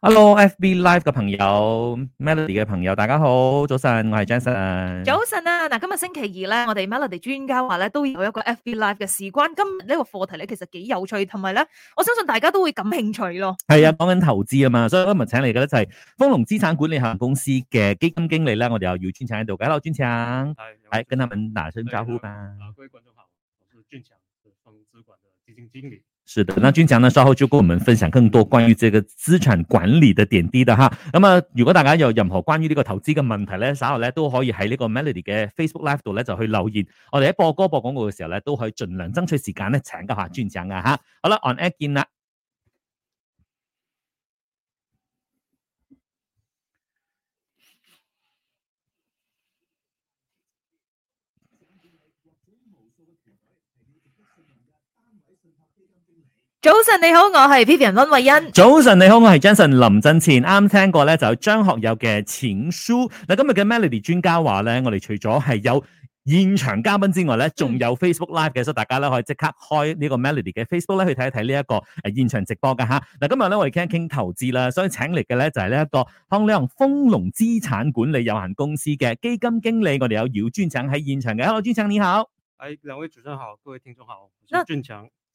Hello，FB Live 嘅朋友，Melody 嘅朋友，大家好，早晨，我係 Jason。早晨啊，嗱，今日星期二咧，我哋 Melody 專家話咧，都有一個 FB Live 嘅事關今日呢個課題咧，其實幾有趣，同埋咧，我相信大家都會感興趣咯。係啊，講緊投資啊嘛，所以今日請嚟嘅就係豐隆資產管理有限公司嘅基金經理咧，我哋有尤俊強喺度，介紹俊強，係係，跟他們打聲招呼吧。啊，各位觀眾朋友，俊強係豐隆資管嘅基金經理。是的，那俊強呢稍後，就跟我們分享更多關於這個資產管理的點滴的哈。那麼如果大家有任何關於這個投資的問題呢稍後呢都可以在這個 Melody 的 Facebook Live 度呢就去留言。我們喺播歌播廣告的時候呢都可以盡量爭取時間呢請教下俊強噶、啊、吓。好啦，On Air 見啦。早晨你好，我係 Vivian 溫慧欣。早晨你好，我係 Jason 林振前。啱聽過咧就有張學友嘅淺書。嗱今日嘅 Melody 專家話咧，我哋除咗係有現場嘉賓之外咧，仲有 Facebook Live 嘅，所以大家咧可以即刻開呢個 Melody 嘅 Facebook 咧去睇一睇呢一個誒現場直播噶吓。嗱今日咧我哋傾一傾投資啦，所以請嚟嘅咧就係、是、呢一個康利行豐隆資產管理有限公司嘅基金經理，我哋有尤俊強喺現場嘅。Hello，俊強你好，誒兩位主持人好，各位聽眾好，尤俊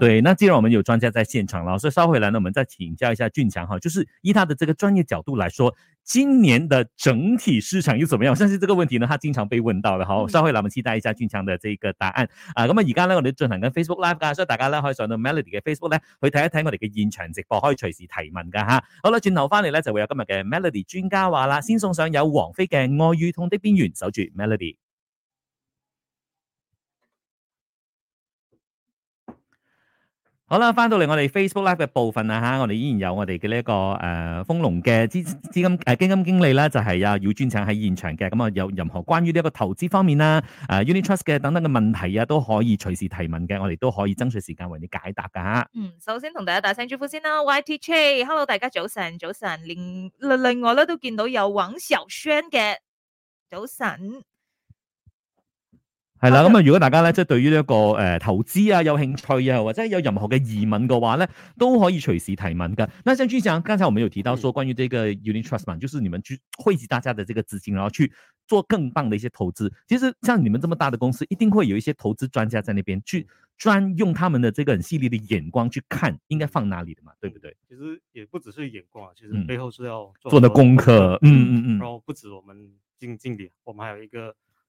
對，那既然我們有專家在現場了，所以稍後回來呢，我們再請教一下俊強哈，就是以他的這個專業角度來說，今年的整體市場又怎麼樣？相信這個問題呢，他經常被問到的，好，稍後回來，我們期待一下俊強的這個答案啊。咁啊，而家呢，我哋進行緊 Facebook Live 噶，所以大家呢，可以上到 Melody 嘅 Facebook 咧去睇一睇我哋嘅現場直播，可以隨時提問噶吓。好了，轉頭翻嚟咧就會有今日嘅 Melody 專家話啦，先送上有王菲嘅《愛與痛的邊緣》，守住 Melody。好啦，翻到嚟我哋 Facebook Live 嘅部分啊，吓我哋依然有我哋嘅呢一個誒豐隆嘅資資金誒基、呃、金，金經理咧，就係阿尤專程喺現場嘅，咁啊有任何關於呢一個投資方面啦，誒、呃、Unit Trust 嘅等等嘅問題啊，都可以隨時提問嘅，我哋都可以爭取時間為你解答噶吓。嗯，首先同大家大聲祝福先啦，Y T J，Hello 大家早晨早晨，另另外咧都見到有王小軒嘅早晨。係、哎、啦，咁啊，如果大家咧，即係對於呢一個誒、呃、投資啊，有興趣啊，或者有任何嘅疑問嘅話咧，都可以隨時提問噶。那像俊強剛才我們有提到說，關於這個 unit trust 嘛，嗯，就是你們去匯集大家的這個資金，然後去做更棒的一些投資。其實，像你們這麼大的公司，一定會有一些投資專家在那邊去專用他們的這個很犀利的眼光去看應該放哪裏的嘛，對不對，嗯？其實也不只是眼光，其實背後是要做的功課。嗯課嗯嗯，嗯。然後不止我們經經理，我們還有一個。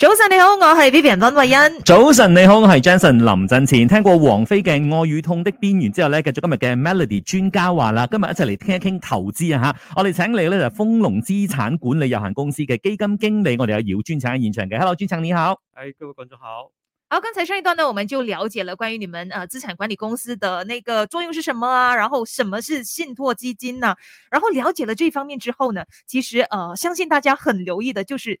早晨你好，我係 Vivian 溫慧欣。早晨你好，我係 Jason 林振前。聽過王菲嘅《愛與痛的邊緣》之後咧，繼續今日嘅 Melody 專家話啦，今日一齊嚟傾一傾投資啊吓。我哋請嚟咧就係豐隆資產管理有限公司嘅基金經理，我哋有尤俊強喺現場嘅。Hello，俊強你好。係、哎、各位觀眾好。好，剛才上一段呢，我們就了解了關於你們呃資產管理公司的那個作用是什麼啊，然後什麼是信託基金啊。然後了解了這方面之後呢，其實，呃，相信大家很留意的，就是。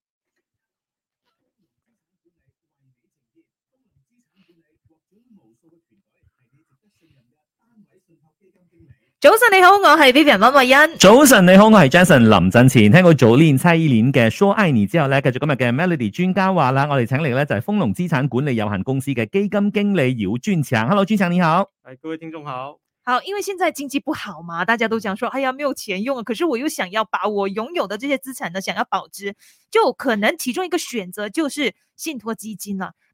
早晨你好，我是 Vivian 溫慧欣。早晨你好，我是 Jason 林振前。聽過早年、七年嘅 Show 之後呢，繼續今日嘅 Melody 專家話啦，我哋請嚟咧就係豐隆資產管理有限公司嘅基金經理尤俊強。Hello，俊強你好。各位聽眾好。好，因為現在經濟不好嘛，大家都想說，哎呀，沒有錢用啊。可是我又想要把我擁有的這些資產呢，想要保值，就可能其中一個選擇就是信託基金啦。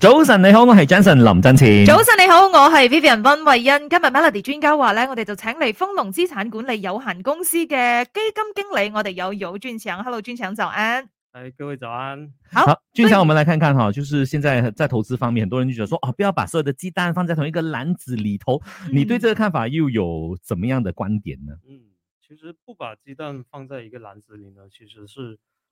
早晨，你好，我係 Jason 林振前。早晨，你好，我係 Vivian 溫慧恩。今日 Melody 專家話呢，我哋就請嚟豐隆資產管理有限公司嘅基金經理，我哋尤尤俊強，Hello，俊強早安。誒，各位早安。好，好俊強，我們來看看哈，就是現在在投資方面，很多人就覺得說，哦，不要把所有的雞蛋放在同一個籃子裡頭、嗯。你對這個看法又有怎麼樣的觀點呢？嗯，其實不把雞蛋放在一個籃子裡呢，其實是。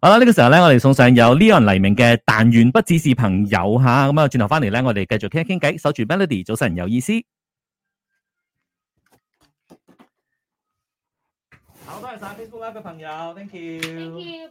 好啦，呢個時候呢我哋送上有 Leon 黎明嘅《但願不只是朋友》，吓，咁轉頭返嚟呢，我哋繼續傾一傾偈，守住 Melody，早晨有意思，好多謝晒 Facebook 嘅朋友，Thank you,